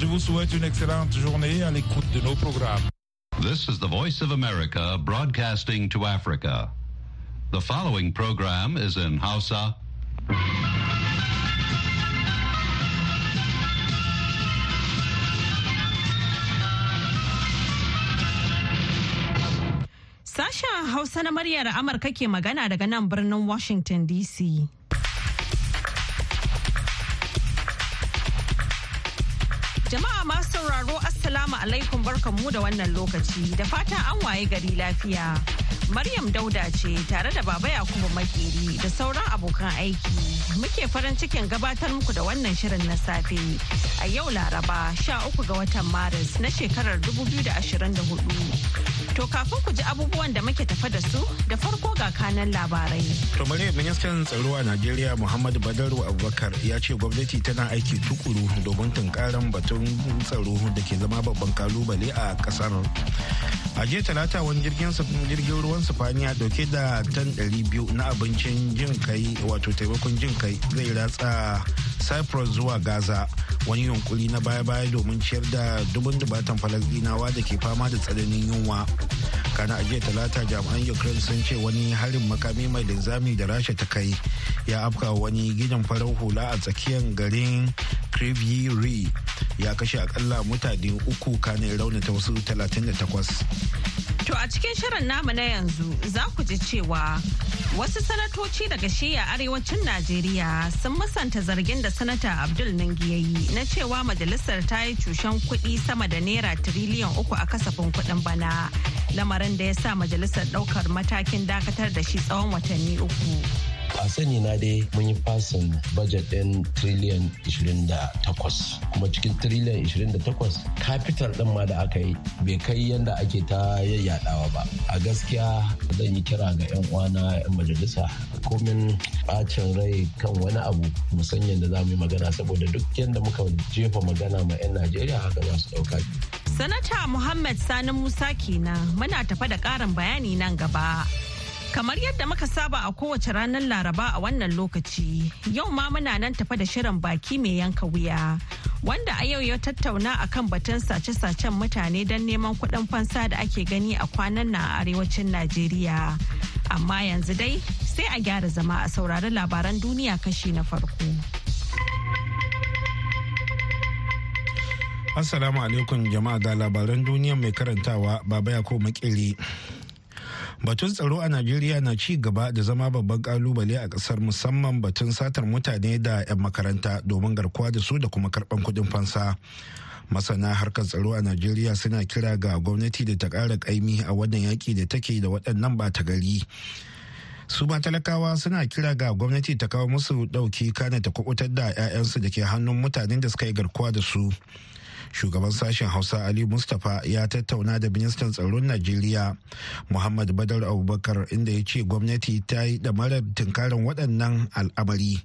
Je vous souhaite une excellente journée à l'écoute de nos programmes. This is the Voice of America broadcasting to Africa. The following program is in Hausa. Sasha Hausa na muryar Amurka ke magana daga nan birnin Washington DC. sauraro Assalamu alaikum barkanmu da wannan lokaci da fata an waye gari lafiya. Maryam Dauda ce tare da Baba Yakubu Makeri da sauran abokan aiki. Muke farin cikin gabatar muku da wannan shirin na safe a yau Laraba 13 ga watan Maris na shekarar 2024. To kafin ku ji abubuwan da muke tafa da su da farko ga kanan labarai. To Maryam ministan tsaro a Najeriya Muhammad Badaru Abubakar ya ce gwamnati tana aiki tukuru domin tunkarar batun tsaro da ke zama babban kalubale a kasar. A jiya talata wani jirgin ruwan kasan sifaniya dauke da tan 200 na abincin jin kai wato taimakon jin kai zai ratsa cyprus zuwa gaza wani yunkuri na baya-baya domin ciyar da dubun dubatan falasdinawa da ke fama da tsananin yunwa kana a jiya talata jami'an ukraine sun ce wani harin makami mai linzami da rasha ta kai ya afka wani gidan farar hula a tsakiyar garin re ya kashe akalla mutane uku kane ta wasu 38 To a cikin shirin namu na yanzu za ku ji cewa wasu sanatoci daga shiya arewacin Najeriya sun musanta zargin da sanata Abdul Ningi ya yi na cewa majalisar ta yi cushen kuɗi sama da naira tiriliyan uku a kasafin kuɗin bana lamarin da ya sa majalisar ɗaukar matakin dakatar da shi tsawon watanni uku. a sani na dai mun yi fasin budget ɗin trillion 28 kuma cikin trillion 28 capital ɗin ma da aka yi bai kai yadda ake ta yayyadawa ba a gaskiya zan yi kira ga 'yan uwana 'yan majalisa komin bacin rai kan wani abu musan yadda za yi magana saboda duk yadda muka jefa magana ma 'yan najeriya haka za su ɗauka sanata muhammad sani musa kenan muna tafa da ƙarin bayani nan gaba Kamar yadda muka saba a kowace ranar Laraba a wannan lokaci, yau ma muna nan tafa da shirin baki mai yanka wuya. Wanda a yau ya tattauna a kan batun sace-sacen mutane don neman kuɗin fansa da ake gani a kwanan na arewacin Najeriya. Amma yanzu dai sai a gyara zama a saurari labaran duniya kashi na farko. Assalamu alaikum jama'a ga labaran duniya mai karantawa Baba ya ko Makili. batun tsaro a najeriya na ci gaba da zama babban kalubale a kasar musamman batun satar mutane da 'yan makaranta domin garkuwa da su da kuma karban kudin fansa masana harkar tsaro a najeriya suna kira ga gwamnati da ta kara kaimi a wannan yaki da take da waɗannan ba ta gari su ma talakawa suna kira ga gwamnati ta kawo musu ɗauki kana ta kubutar da 'ya'yansu da ke hannun mutanen da suka yi garkuwa da su shugaban sashen hausa ali mustapha ya tattauna da ministan tsaron najeriya muhammad badar abubakar inda ya ce gwamnati ta yi da marar tunkarin waɗannan al'amari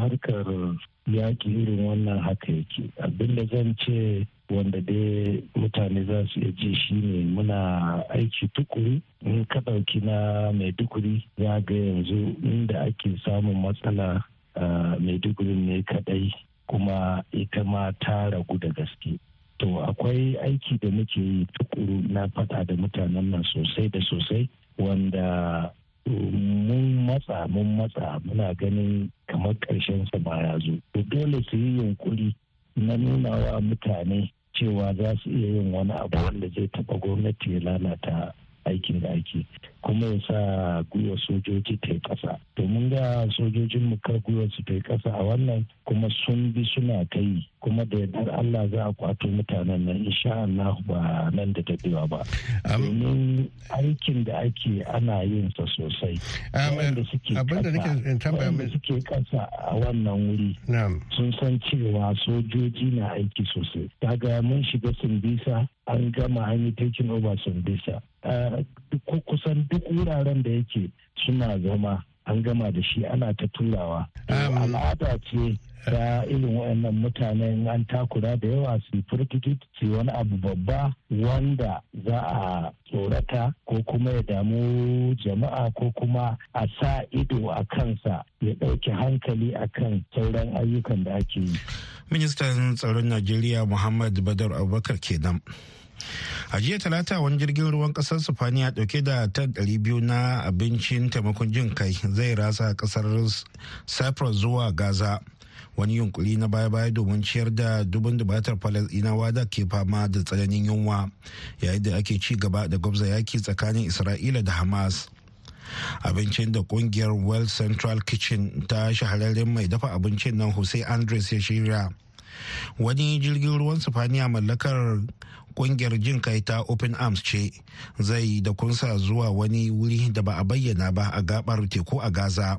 harkar yaƙi irin wannan haka yake da zan ce wanda dai mutane za su iya ji shi ne muna aiki tukuri in ka ɗauki na maiduguri ya ga yanzu inda ake samun matsala ah, maiduguri ne kaɗai kuma ita ma ta ragu da gaske to akwai aiki da muke yi tukuru na fata da mutanen nan sosai da sosai wanda um, mun matsa mun matsa muna ganin kamar ƙarshen sa ba ya zo to dole su yi yunkuri na nuna wa mutane cewa za su iya yin wani abu wanda zai taɓa gwamnati ya lalata aikin da ake kuma ya sa gwiwar sojoji ta yi ƙasa domin ga sojojin mu kar gwiwar su ta yi ƙasa a wannan kuma sun bi suna kai kuma da yardar Allah za a kwato mutanen nan insha Allah ba nan da dadewa ba domin aikin da ake ana yin sa sosai wanda suke ƙasa suke ƙasa a wannan wuri sun san cewa sojoji na aiki sosai daga mun shiga sumbisa an gama an yi taking over sumbisa ah, kusan duk wuraren da yake suna zama an gama da shi ana ta turawa al'ada ce ta irin waɗannan mutanen an takura da yawa su furtikit su wani abu babba wanda za a tsorata ko kuma ya damu jama'a ko kuma a sa ido a kansa ya ɗauki hankali a kan sauran ayyukan da ake yi. ministan tsaron najeriya muhammad badar abubakar kenan. a jiya talata wani jirgin ruwan kasar sifaniya dauke da tan biyu na abincin taimakon jin kai zai rasa kasar cyprus zuwa gaza wani yunkuri na baya-baya domin ciyar da dubin dubatar falasdinawa da ke fama da tsananin yunwa yayin da ake ci gaba da gwabza yaki tsakanin isra'ila da hamas abincin da kungiyar well central kitchen ta shahararren mai dafa abincin nan hussein andres ya shirya wani jirgin ruwan sifaniya mallakar kungiyar jin kai ta open arms ce zai da kunsa zuwa wani wuri da ba a bayyana ba a gabar teku a gaza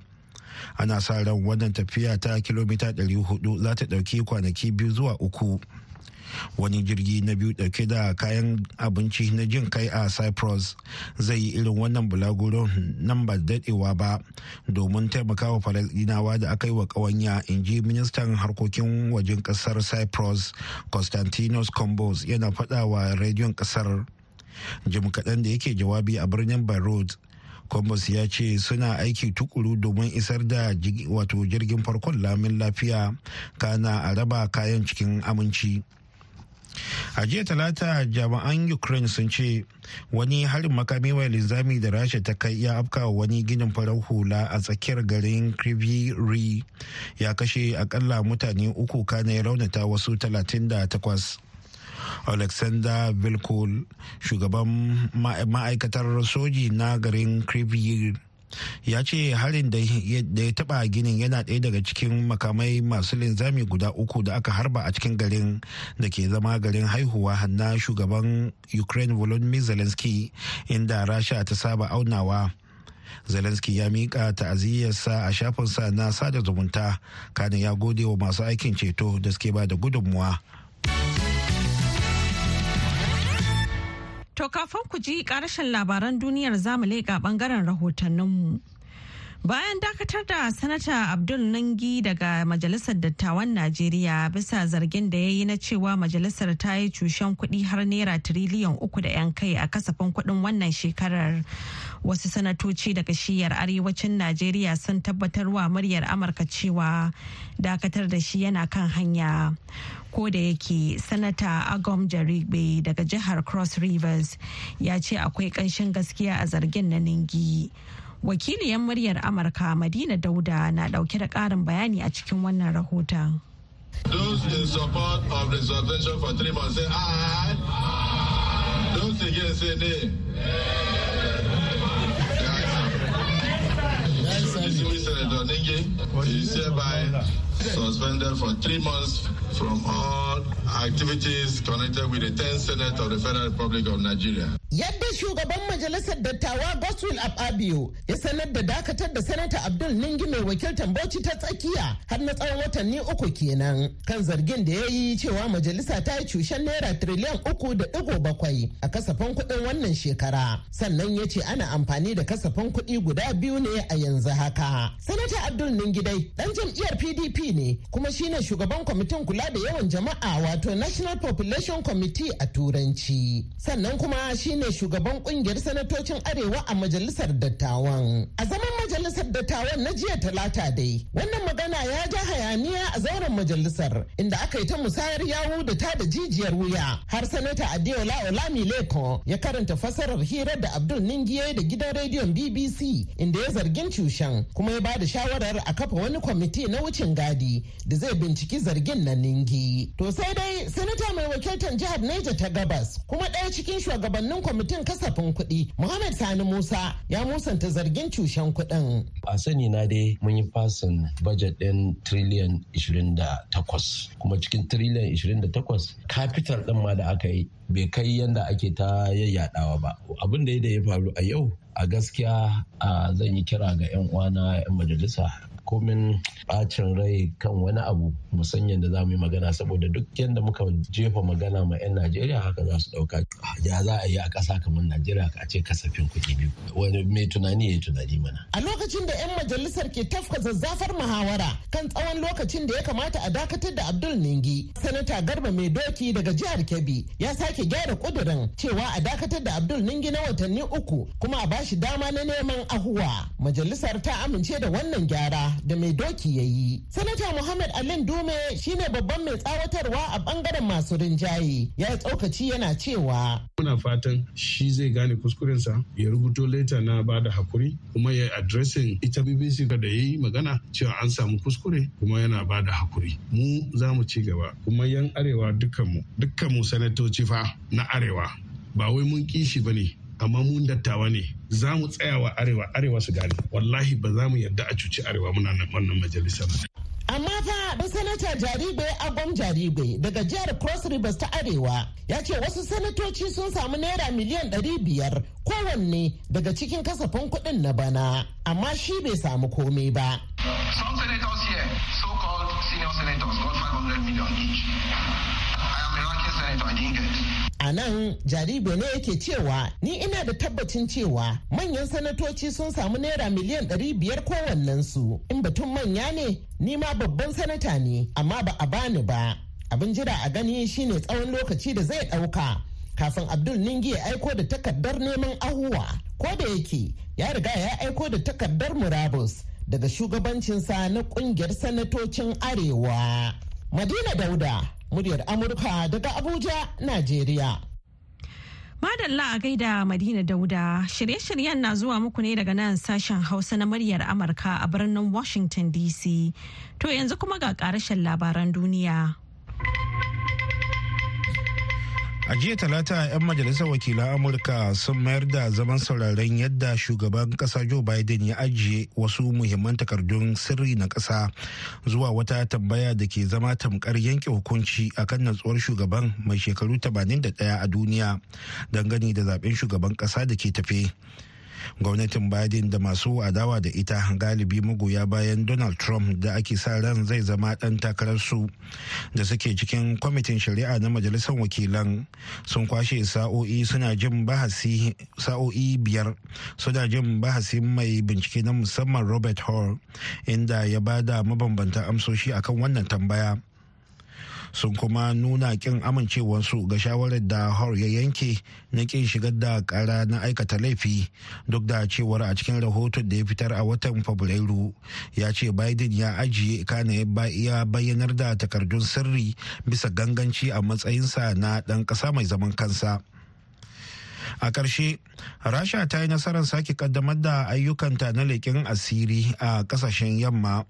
ana sa ran wannan tafiya ta kilomita 400 za ta ɗauki kwanaki biyu zuwa uku wani jirgi na biyu dauke da kayan abinci na jin kai a cyprus zai yi irin wannan bulaguro nan ba dadewa ba domin taimakawa falasdinawa da aka yi wa kawanya in ji ministan harkokin wajen kasar cyprus constantinos combos yana faɗawa rediyon kasar jim kaɗan da yake jawabi a birnin beirut Combos ya ce suna aiki tukuru domin isar da wato jirgin farkon lamin lafiya kana a raba kayan cikin aminci. a jiya talata jami'an ukraine sun ce wani harin makami mai linzami da rasha ta kai ya afkawa wani ginin farar hula a tsakiyar garin kriviri ya kashe akalla mutane uku kana ya raunata wasu talatin da takwas. alexander vilkul shugaban ma'aikatar soji na garin Kriviri. ya ce harin da ya taba ginin yana ɗaya daga cikin makamai masu linzami guda uku da aka harba a cikin garin da ke zama garin haihuwa na shugaban ukraine volodymyr zelensky inda rasha ta saba aunawa zelensky ya mika ta'aziyyarsa a shafinsa na sada zumunta kanin ya gode wa masu aikin ceto da suke ba da gudunmuwa To kafin ku ji karashin labaran duniyar zamu leƙa bangaren rahotanninmu. Bayan dakatar da Sanata Abdul Nangi daga Majalisar Dattawan Najeriya bisa zargin da ya yi na cewa majalisar ta yi cushen kuɗi har naira tiriliyan uku da 'yan kai a kasafin kuɗin wannan shekarar. wasu sanatoci daga shiyar arewacin najeriya sun tabbatar wa muryar amurka cewa dakatar da shi yana kan hanya ko da yake sanata agom jaribe daga jihar cross rivers ya ce akwai ƙanshin gaskiya a zargin na ningi wakiliyan muryar amurka madina dauda na ɗauke da ƙarin bayani a cikin wannan rahoton Those in support of the for three months say aye. Those against say nay. Senator is hereby suspended for three months from all activities connected with the 10th Senate of the Federal Republic of Nigeria. Yadda shugaban majalisar dattawa Goswell Ababio ya sanar da dakatar da Sanata Abdul Ningi mai wakiltar Bauchi ta tsakiya har na tsawon watanni uku kenan kan zargin da ya yi cewa majalisa ta yi cushen naira triliyan uku da digo bakwai a kasafin kuɗin wannan shekara. Sannan ya ce ana amfani da kasafin kuɗi guda biyu ne a yanzu haka. Sanata Abdul Ningi dai ɗan jam'iyyar PDP ne kuma shine shugaban kwamitin kula da yawan jama'a wato National Population Committee a Turanci. Sannan kuma shine shugaban kungiyar sanatocin Arewa a Majalisar Dattawan. A zaman Majalisar Dattawan na jiya Talata dai, wannan magana ya ja hayaniya a zauren majalisar inda aka yi ta musayar yawu da ta da jijiyar wuya har sanata Adeola Olamileko ya karanta fasarar hirar da Abdul Ningiye da gidan rediyon BBC inda ya zargin cushen kuma ya bada shawarar a kafa wani kwamiti na wucin gadi da zai binciki zargin na Ningi. To sai dai dai sanata mai wakiltar jihar Niger ta Gabas kuma ɗaya cikin shugabannin kwamitin kasafin kuɗi Muhammad Sani Musa ya musanta zargin cushen kuɗin. A sani na dai mun yi fasin bajet ɗin triliyan 28 kuma cikin triliyan 28 kafitar ɗin ma da aka yi bai kai yadda ake ta yayyadawa ba abin da ya faru a yau a gaskiya a zan yi kira ga 'yan uwana 'yan majalisa komin bacin rai kan wani abu musan da za mu yi magana saboda duk yadda muka jefa magana ma 'yan najeriya haka za su dauka ya za a yi a ƙasa kamar najeriya a ce kasafin kuɗi biyu wani mai tunani ya tunani mana a lokacin da 'yan majalisar ke tafka zazzafar muhawara kan tsawon lokacin da ya kamata a dakatar da abdul ningi sanata garba mai doki daga jihar kebbi ya sake sake gyara kudurin cewa a dakatar da Abdul Ningi na watanni uku kuma a bashi dama na neman ahuwa. Majalisar ta amince da wannan gyara da mai doki ya yi. Sanata Muhammad Alin Dume shine babban mai tsawatarwa a bangaren masu rinjaye ya tsokaci yana cewa. Muna fatan shi zai gane kuskurensa ya rubuto leta na bada hakuri kuma ya addressing ita BBC da ya yi magana cewa an samu kuskure kuma yana ba da hakuri. Mu za mu ci gaba kuma yan arewa dukkanmu dukkanmu sanatoci fa na arewa ba wai mun kishi ba ne amma mun dattawa ne za mu wa arewa arewa su gari wallahi ba za mu yarda a cuci arewa muna nan wannan majalisar amma fa da sanata jaribe agwam jaribe daga jihar cross rivers ta arewa ya ce wasu sanatoci sun samu naira miliyan 500 kowanne daga cikin kasafin kuɗin na bana amma shi bai samu komai ba some senators here so called senior senators got 500 million each i am senator A nan jaribe ne yake cewa ni ina da tabbacin cewa manyan sanatoci sun samu naira miliyan ɗari biyar kowannensu in batun manya ne ni ma babban sanata ne amma ba a bani ba. Abin jira a gani shine tsawon lokaci da zai ɗauka kafin Abdul Ningi ya aiko da takardar neman ahuwa ko da yake ya riga ya aiko da takardar murabus daga shugabancinsa na ƙungiyar sanatocin arewa. Madina Dauda, muryar Amurka daga Abuja, Najeriya. Madalla a gaida Madina Dauda, shirye-shiryen na zuwa muku ne daga nan sashen Hausa na muryar Amurka a birnin Washington DC. To yanzu kuma ga ƙarashen labaran duniya. a jiya talata 'yan majalisar wakilan amurka sun mayar da zaman sauraren yadda shugaban kasa joe biden ya ajiye wasu muhimman takardun sirri na kasa zuwa wata tambaya da ke zama tamkar yanke hukunci akan natsuwar shugaban mai shekaru 81 a duniya dangane da zaben shugaban kasa da ke tafe gwamnatin biden da masu adawa da ita galibi magoya bayan donald trump da ake sa ran zai zama dan takararsu da suke cikin kwamitin shari'a na majalisar wakilan sun kwashe sa'o'i suna jin bahasi sa'o'i biyar suna jin bahasi mai bincike na musamman robert hall inda ya bada mabambanta amsoshi akan wannan tambaya sun kuma nuna kin amincewarsu ga shawarar da hor ya yanke na kin shigar da kara na aikata laifi duk da cewar a cikin rahoton da ya fitar a watan fabrairu ya ce biden ya ajiye kana ya bayyanar da takardun sirri bisa ganganci a matsayinsa na ɗan ƙasa mai zaman kansa. a ƙarshe rasha ta yi nasarar sake kaddamar da ayyukanta na leƙen asiri a ƙasashen yamma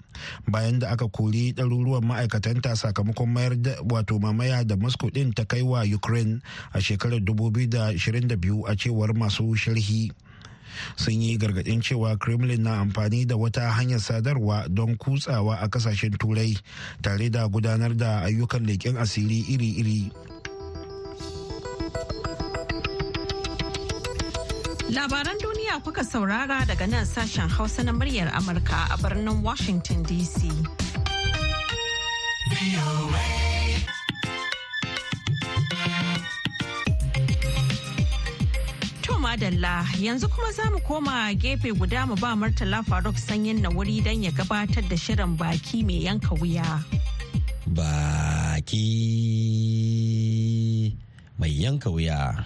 bayan da aka kori ɗaruruwan ma'aikatanta sakamakon mayar da wato mamaya da moscow ɗin ta kai wa ukraine a shekarar 2022 a cewar masu sharhi sun yi gargaɗin cewa kremlin na amfani da wata hanyar sadarwa don kutsawa a kasashen turai tare da gudanar da ayyukan leƙen asiri iri-iri Labaran duniya kuka saurara daga nan sashen Hausa na muryar Amurka a birnin Washington DC. madalla yanzu kuma za mu koma gefe guda mu ba Murtala Faruk sanyin na wuri don ya gabatar da shirin baki mai yanka wuya. Baki mai yanka wuya.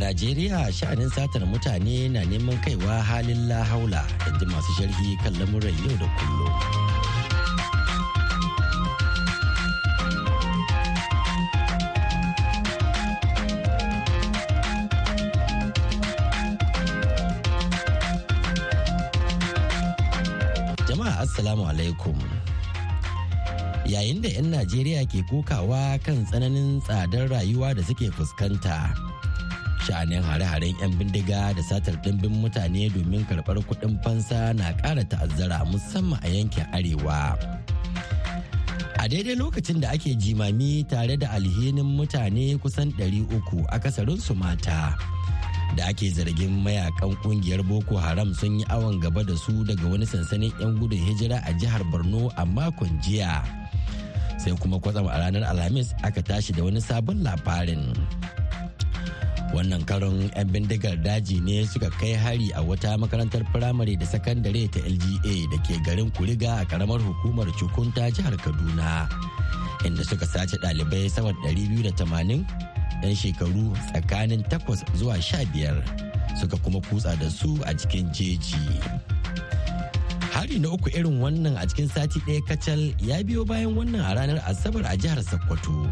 Najeriya sha'anin satar mutane na neman kaiwa halin lahaula inji masu sharhi kan lamuran yau da kullum. Jama'a Assalamu alaikum. Yayin da 'yan Najeriya ke kokawa kan tsananin tsadar rayuwa da suke fuskanta. sha'anin hare-haren 'yan bindiga da satar dimbin mutane domin karɓar kuɗin fansa na kara ta'azzara musamman a yankin arewa a daidai lokacin da ake jimami tare da alhinin mutane kusan 300 a akasarinsu mata da ake zargin mayakan kungiyar boko haram sun yi awon gaba da su daga wani sansanin 'yan gudun hijira a jihar borno a makon jiya sai kuma kwatsam a ranar alhamis aka tashi da wani sabon labarin wannan karon 'yan bindigar daji ne suka kai hari a wata makarantar firamare da sakandare ta lga da ke garin kuriga a karamar hukumar cukunta jihar kaduna inda suka sace ɗalibai sama 280 'yan shekaru tsakanin 8 zuwa 15 suka kuma kutsa da su a cikin jeji hari na uku irin wannan a cikin sati ɗaya kacal ya biyo bayan wannan a ranar asabar a jihar sokoto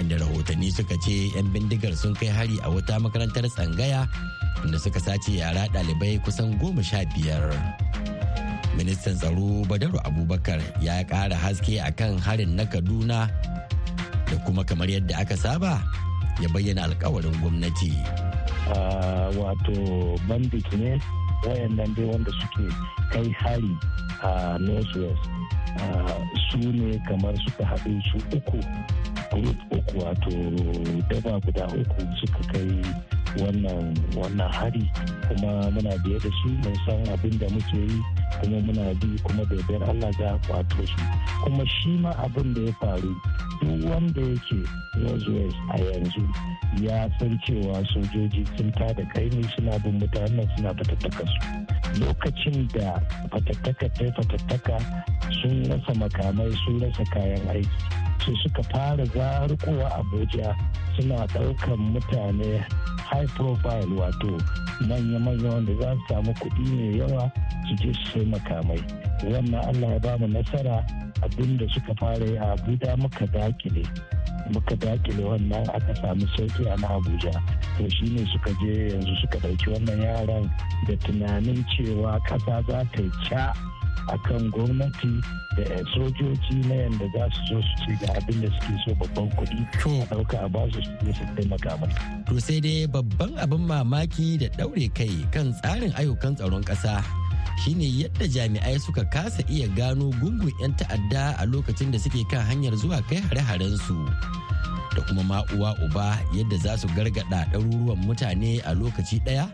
inda rahotanni suka ce 'yan bindigar sun kai hari a wata makarantar tsangaya inda suka sace yara ɗalibai kusan goma sha biyar. Ministan tsaro Badaru Abubakar ya ƙara haske akan harin na Kaduna da kuma kamar yadda aka saba ya bayyana alkawarin gwamnati. Ah, wato bandit ne wayannan dai wanda suke kai hari a northwest su ne kamar suka haɗu su uku group uku wato daba guda uku suka kai wannan wannan hari kuma muna biye da su mun san abin da muke yi kuma muna bi kuma da Allah za a kwato su kuma shi ma abin da ya faru duk wanda yake Northwest a yanzu ya san cewa sojoji sun tada kaini suna bin mutanen suna fatattaka su lokacin da fatattaka ta fatattaka sun rasa makamai sun rasa kayan aiki su suka fara zarukowa abuja suna ɗaukan mutane har high profile wato manya-manya wanda za su samu kuɗi ne yawa su je su sai makamai wannan allah ya ba mu nasara abinda suka fara yi a abuja muka dakile muka dakile wannan aka samu sauki a na abuja to shi ne suka je yanzu suka ɗauki wannan yaran da tunanin cewa ƙasa za ta ca akan gwamnati da sojoji na yadda za su zo su ci ga abin da suke so babban kuɗi ɗauka a ba su su taimaka ba. To sai dai babban abin mamaki da ɗaure kai kan tsarin ayyukan tsaron ƙasa shine yadda jami'ai suka kasa iya gano gungun 'yan ta'adda a lokacin da suke kan hanyar zuwa kai hare-haren su. da kuma ma uwa uba yadda za su gargada ɗaruruwan mutane a lokaci ɗaya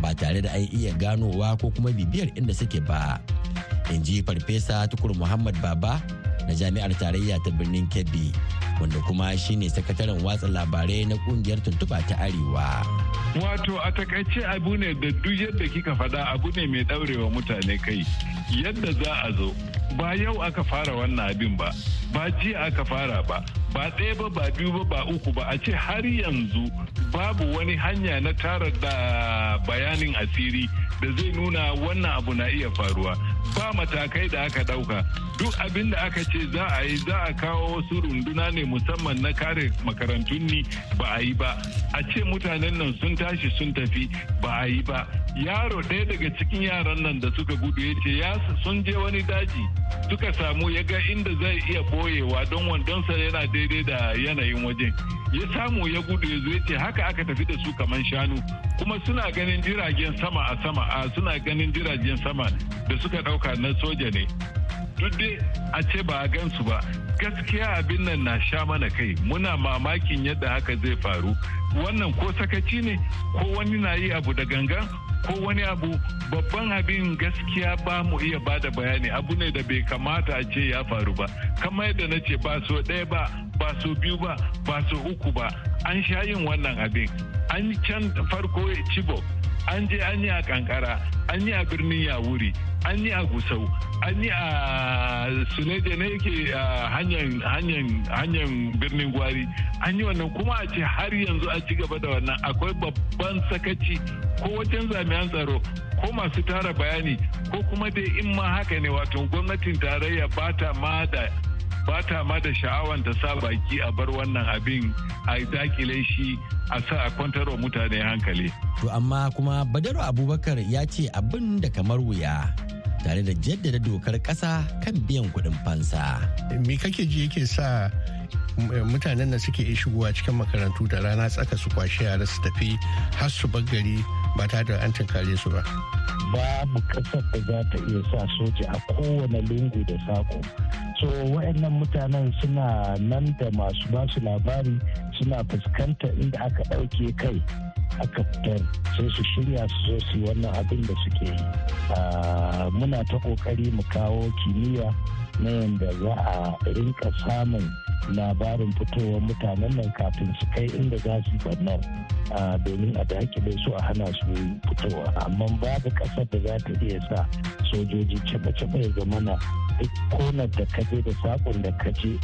ba tare da an iya ganowa ko kuma bibiyar inda suke ba. in farfesa tukur muhammad baba na jami'ar tarayya ta birnin kebbi wanda kuma shine sakataren watsa labarai na kungiyar tuntuba ta arewa wato a takaice abu ne da duk yadda kika faɗa abu ne mai ɗaurewa mutane kai yadda za a zo ba yau aka fara wannan abin ba ba jiya aka fara ba ba ɗaya ba ba biyu ba ba uku ba a ce har yanzu babu wani hanya na tara da bayanin asiri da zai nuna wannan abu na iya faruwa ba matakai da aka ɗauka duk abin da aka ce za a yi za a kawo wasu runduna ne musamman na kare makarantun ni ba a yi ba a ce mutanen nan sun tashi sun tafi ba a yi ba yaro ɗaya daga cikin yaran nan da suka gudu ya ce sun je wani daji suka samu ya ga inda zai iya boyewa don wandonsa yana daidai da yanayin wajen ya samu ya gudu ya zo ce haka aka tafi da su kamar shanu kuma suna ganin jiragen sama a sama a suna ganin jiragen sama da suka dauka na soja ne duk dai a ce ba a gansu ba gaskiya abin nan na sha mana kai muna mamakin yadda haka zai faru wannan ko sakaci ne ko wani na yi abu da gangan ko wani abu babban abin gaskiya ba mu iya ba da bayani abu ne da bai kamata a ce ya faru ba kamar yadda na ce ba so ɗaya ba ba so biyu ba ba so uku ba an sha yin wannan abin an can farko cibo an je an yi a kankara an yi a birnin yawuri an yi a gusau an yi a sunaje ne yake hanyar birnin gwari an yi wannan kuma a ce har yanzu a ci gaba da wannan akwai babban sakaci ko wajen jami'an tsaro ko masu tara bayani ko kuma dai in ma haka ne wato gwamnatin tarayya ba ta ma da ba ta ma da sha'awan ta sa baki a bar wannan abin a dakile shi a sa a kwantarwa mutane hankali. To amma kuma Badaru Abubakar ya ce abin da kamar wuya tare da jaddada dokar ƙasa kan biyan kudin fansa. Me kake ji yake sa mutanen da suke shigowa cikin makarantu da rana tsaka su kwashe yara su tafi har su bar gari ba ta da an tunkare su ba. Babu ƙasar da za ta iya sa soja a kowane lungu da sako. So wa'annan mutanen suna nan da masu basu labari suna fuskanta inda aka ɗauke kai. aka fitar sai su shirya su zo su yi wannan abin da suke yi ah, muna ta ƙoƙari mu kawo kimiyya na yadda za a rinka samun labarin fitowar mutanen nan kafin su kai inda za su bannan domin a dakile su a hana su fitowa amma babu ƙasar da za ta iya sa sojoji cefa-cefa ya zamana duk konar da ka je da sakon da ka je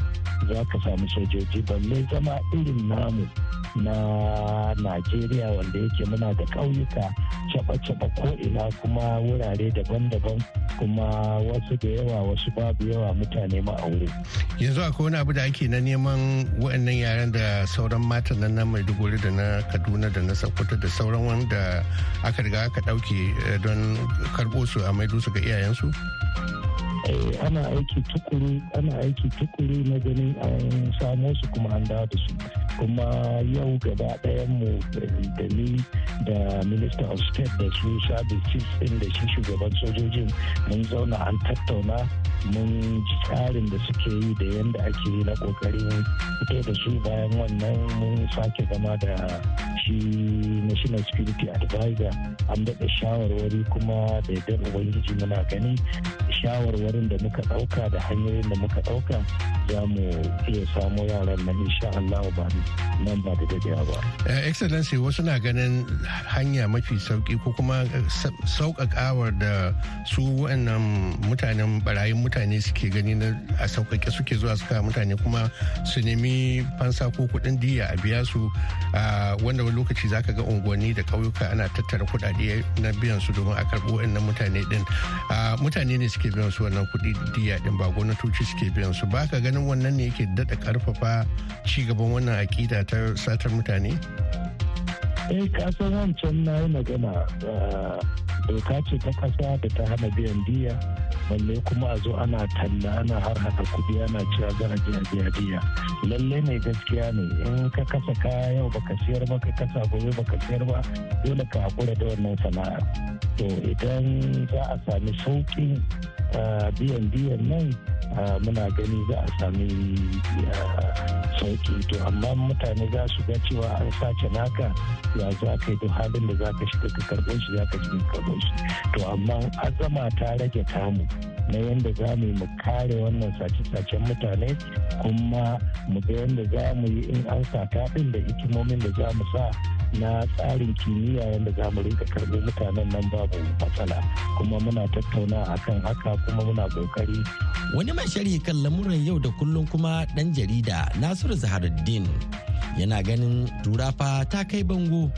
za ka samu sojoji balle zama irin namu na najeriya wanda yake muna da ƙauyuka caba-caba ko'ina kuma wurare daban-daban kuma wasu da yawa wasu babu yawa mutane ma aure. yanzu akwai wani abu da ake na neman wa'annan yaren da sauran matan nan na maiduguri da na kaduna da na sokoto da sauran wanda aka riga aka ɗauke eh, don karɓo su a maido su ga iyayensu? Eh, ana aiki tukuru ana aiki tukuru na ganin an samo su kuma an dawo da su kuma yau gaba ɗayan mu eh, da ni da minister of state da su sabi chief din da shi shugaban sojojin mun zauna an tattauna mun ji tsarin da suke yi da yadda ake yi na kokarin fito da su bayan wannan mun sake zama da shi national security advisor an daɗa shawarwari kuma da yadda ubangiji muna gani shawarwarin da muka ɗauka da hanyoyin da muka ɗauka za mu iya samo yaran nan insha Allah ba nan ba da dadewa ba. Excellency wasu na ganin hanya mafi sauki ko kuma sauƙaƙawar da su wannan mutanen barayin mutane suke gani na a sauƙaƙe suke zuwa suka mutane kuma su nemi fansa ko kuɗin diya a biya su wanda wani lokaci za ka ga unguwanni da ƙauyuka ana tattara kuɗaɗe na biyan su domin a karɓo wannan mutane din mutane ne suke biyan su wannan kuɗi diya din ba gwamnatoci suke biyan su ba ka ganin ganin wannan ne yake daɗa ƙarfafa ci gaban wannan aƙida ta satar mutane? eh kasan wancan na yi magana eh, doka ce ta kasa da ta hana biyan diya balle kuma a zo ana talla ana har haka kudi ana cewa za a biya diya lalle ne gaskiya ne in ka kasa kaya yau baka siyar ba ka kasa gobe baka siyar ba dole ka hakura da wannan sana'a to idan za a sami sauƙin eh, biyan diya nan eh, muna gani za a sami sauƙi to amma mutane za su ga cewa an sace naka ya za ka yi duk halin da za ka shiga ka karɓo shi za ka shiga ka karɓo shi to amma azama ta rage tamu na yadda za mu yi mu kare wannan sace-sacen mutane kuma mu ga yadda za mu yi in an sata ɗin da hikimomin da za mu sa na tsarin kimiyya yadda za mu rinka karɓo mutanen nan babu matsala kuma muna tattauna akan haka kuma muna kokari. wani mai shari'a kan lamuran yau da kullum kuma ɗan jarida nasiru zaharuddin yana ganin turafa ta kai bango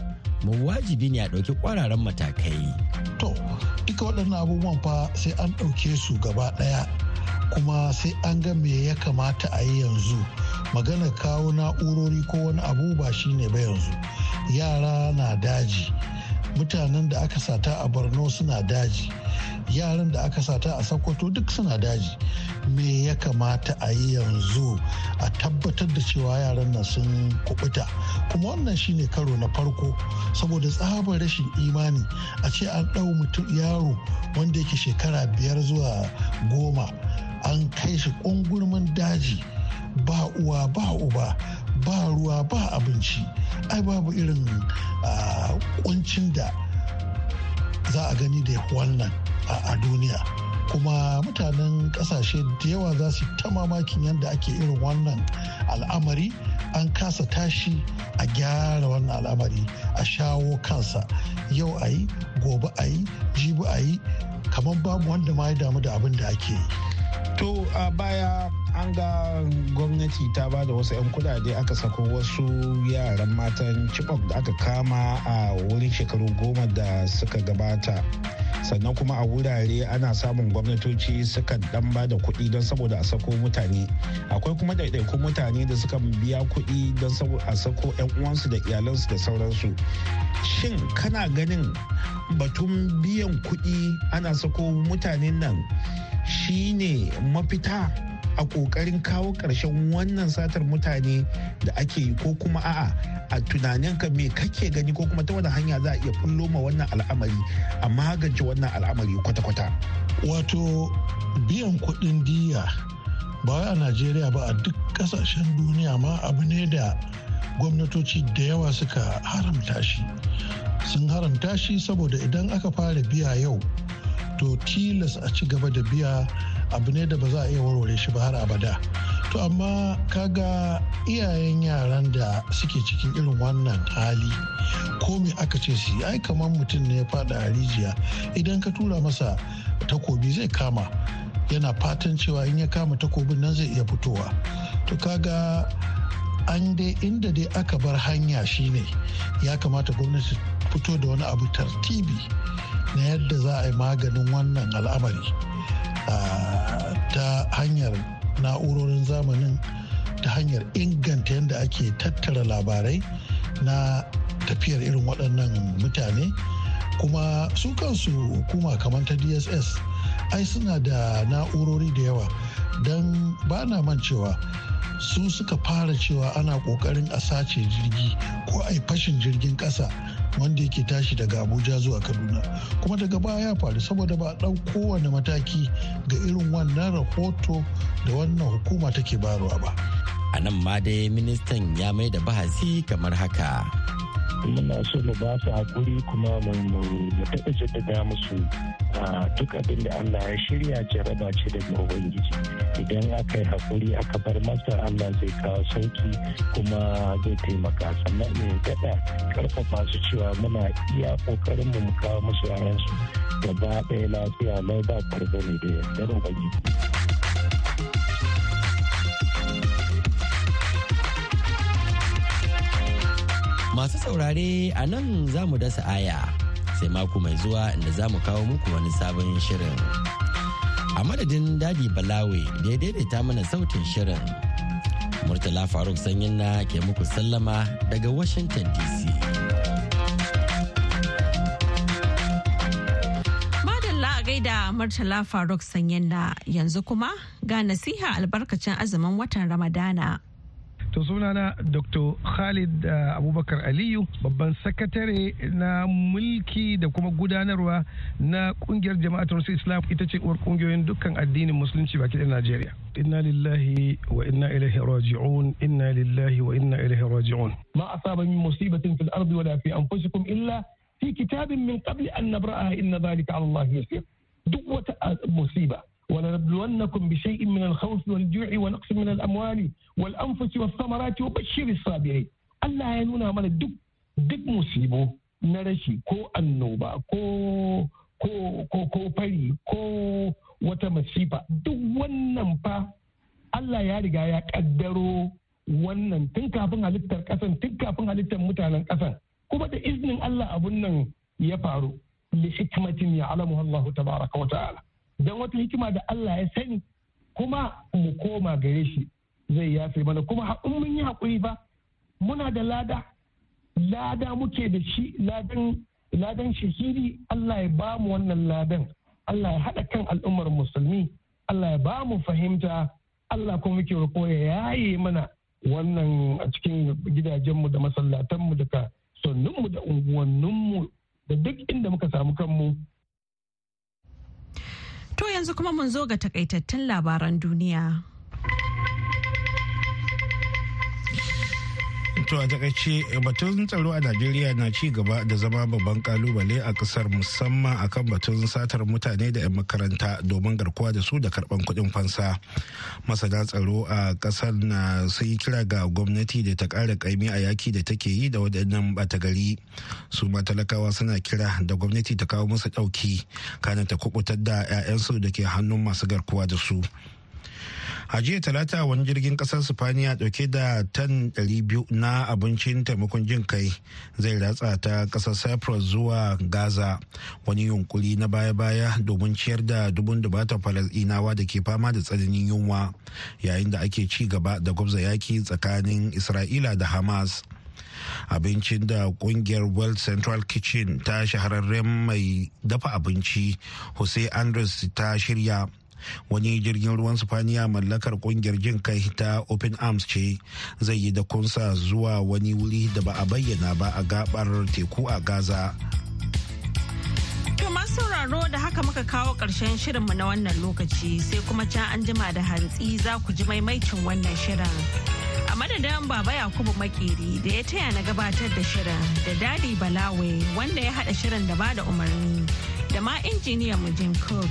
mu wajibi ne a ɗauki ƙwararren matakai. To, duka waɗannan abubuwan fa sai an ɗauke su gaba ɗaya kuma sai an ga me ya kamata a yi yanzu. Magana kawo na'urori ko wani abu ba shi ne ba yanzu. Yara na daji mutanen da aka sata a borno suna daji yaran da aka sata a sokoto duk suna daji me ya kamata a yi yanzu a tabbatar da cewa yaran nan sun kubuta kuma wannan shine karo na farko saboda tsabar rashin imani a ce an ɗau mutum yaro wanda yake shekara biyar zuwa goma an kai shi ƙungurmin daji ba uwa ba uba ba ruwa ba abinci ai babu irin kuncin da za a gani da wannan a duniya kuma mutanen kasashe da yawa za su ta mamakin yadda ake irin wannan al'amari an kasa tashi a gyara wannan al'amari a shawo kansa yau a yi gobe a yi jibi a yi kamar babu wanda ma ya damu da abin da ake yi to a baya an ga gwamnati ta ba da wasu 'yan kudade aka sako wasu yaran matan chibok da aka kama a wurin shekaru goma da suka gabata sannan kuma a wurare ana samun gwamnatoci suka dan ba da kuɗi don saboda a sako mutane akwai kuma ɗaiɗaikun mutane da suka biya kuɗi don saboda a sako 'yan uwansu da iyalansu da sauransu shin kana ganin batun biyan kuɗi ana sako mutanen nan shine mafita a kokarin kawo karshen wannan satar mutane da ake yi ko kuma a'a a tunanin ka me kake gani ko kuma ta wani hanya za a iya fullo ma wannan al'amari a magance wannan al'amari kwata-kwata wato biyan kuɗin diya ba a najeriya ba a duk ƙasashen duniya ma abu ne da gwamnatoci da yawa suka haramta shi sun haramta shi saboda idan aka fara biya yau to tilas a ci gaba da biya abu ne da ba za a iya warware shi ba har abada to amma kaga iyayen yaran da suke cikin irin wannan hali ko me aka ce su yi ai kamar mutum ne ya fada a rijiya idan ka tura masa takobi zai kama yana fatan cewa in ya kama takobin nan zai iya fitowa to kaga an dai inda dai aka bar hanya shine ya kamata gwamnati fito da wani abu tartibi na yadda za a yi maganin wannan al'amari ta hanyar na'urorin zamanin ta hanyar inganta yadda ake tattara labarai na tafiyar irin waɗannan mutane kuma su kansu hukuma kamar ta dss ai suna da na'urori da yawa don ba na mancewa Sun suka fara cewa ana kokarin a sace jirgi ko a yi fashin jirgin kasa wanda yake tashi daga abuja zuwa kaduna kuma daga baya ya faru saboda ba a ɗauko kowane mataki ga irin wannan rahoto da wannan hukuma take barwa ba a nan ma dai ministan ya mai da bahasi kamar haka muna so mu ba su haƙuri kuma mu taɓa jaddada musu a duk abin da Allah ya shirya jaraba ce daga Ubangiji idan aka yi haƙuri aka bar masa Allah zai kawo sauki kuma zai taimaka sannan mu daɗa ƙarfafa su cewa muna iya ƙoƙarin mu mu kawo musu yaransu gaba ɗaya lafiya mai ba kwarzo ne da yardar Ubangiji. Masu saurare a nan za mu dasa aya sai mako mai zuwa inda za mu kawo muku wani sabon shirin. A madadin Dadi Balawe da ya daidaita mana sautin shirin. Murtala Faruk Sanyin ke muku sallama daga Washington DC. da gaida Murtala Faruk Sanyin na yanzu kuma ga nasiha albarkacin azumin watan Ramadana. to sunana dr khalid eh, abubakar aliyu babban sakatare na mulki da kuma gudanarwa na kungiyar jama'atar islam ita ce uwar kungiyoyin dukkan addinin musulunci baki da najeriya inna lillahi wa inna ilaihi raji'un inna lillahi wa inna ilaihi raji'un ma asaba min musibatin fil ardi wala fi anfusikum illa fi kitabin min qabli an nabra'a inna dhalika 'ala allahi yasir duk wata musiba ولنبلونكم بشيء من الخوف والجوع ونقص من الأموال والأنفس والثمرات وبشر الصابرين الله ينونا من الدب duk musibo na rashi ko annoba ko ko ko wata masifa duk wannan fa Allah ya riga ya kaddaro wannan tun kafin halittar kasan tun kafin halittar mutanen kasan kuma da iznin Allah abun nan ya faru li hikmatin ya alamu Allah tabaraka wa ta'ala don wata hikima da Allah ya sani kuma mu koma gare shi zai yafe mana kuma in mun yi haƙuri ba muna da lada lada muke da shi ladan ladan Allah ya ba mu wannan ladan Allah ya haɗa kan al'ummar musulmi Allah ya ba mu fahimta Allah kuma muke roƙo ya yaye mana wannan a cikin gidajenmu da masallatanmu da sannunmu da unguwanninmu da duk inda muka samu kanmu To yanzu kuma mun zo ga takaitattun labaran duniya. To a takaice batun tsaro a Najeriya na ci gaba da zama babban kalubale a kasar musamman akan batun satar mutane da 'yan makaranta domin garkuwa da su da karban kudin fansa. Masana tsaro a kasar na yi kira ga gwamnati da ta kara kaimi a yaki da take yi da wadannan ɓata gari. Su ma talakawa suna kira da gwamnati ta kawo musu ɗauki kana ta kubutar da 'ya'yansu da ke hannun masu garkuwa da su. a jiya talata wani jirgin kasar spaniya dauke da tan 200 na abincin taimakon jin kai zai ratsa ta kasar cyprus zuwa gaza wani yunkuri na baya-baya domin ciyar da dubun dubata falasdinawa da ke fama da tsananin yunwa yayin da ake ci gaba da gwabza yaki tsakanin isra'ila da hamas abincin da kungiyar world central kitchen ta shahararren mai dafa abinci hussein andres ta shirya wani jirgin ruwan sifaniya mallakar kungiyar jin kai ta open arms ce zai yi da kunsa zuwa wani wuri da ba a bayyana ba a gabar teku a gaza masu sauraro da haka muka kawo ƙarshen shirinmu na wannan lokaci sai kuma can an jima da hantsi za ku ji maimaicin wannan shirin. a madadin baba yakubu makeri da ya taya na gabatar da shirin da dadi balawe wanda ya hada shirin da bada umarni da ma injiniyan mu jim cook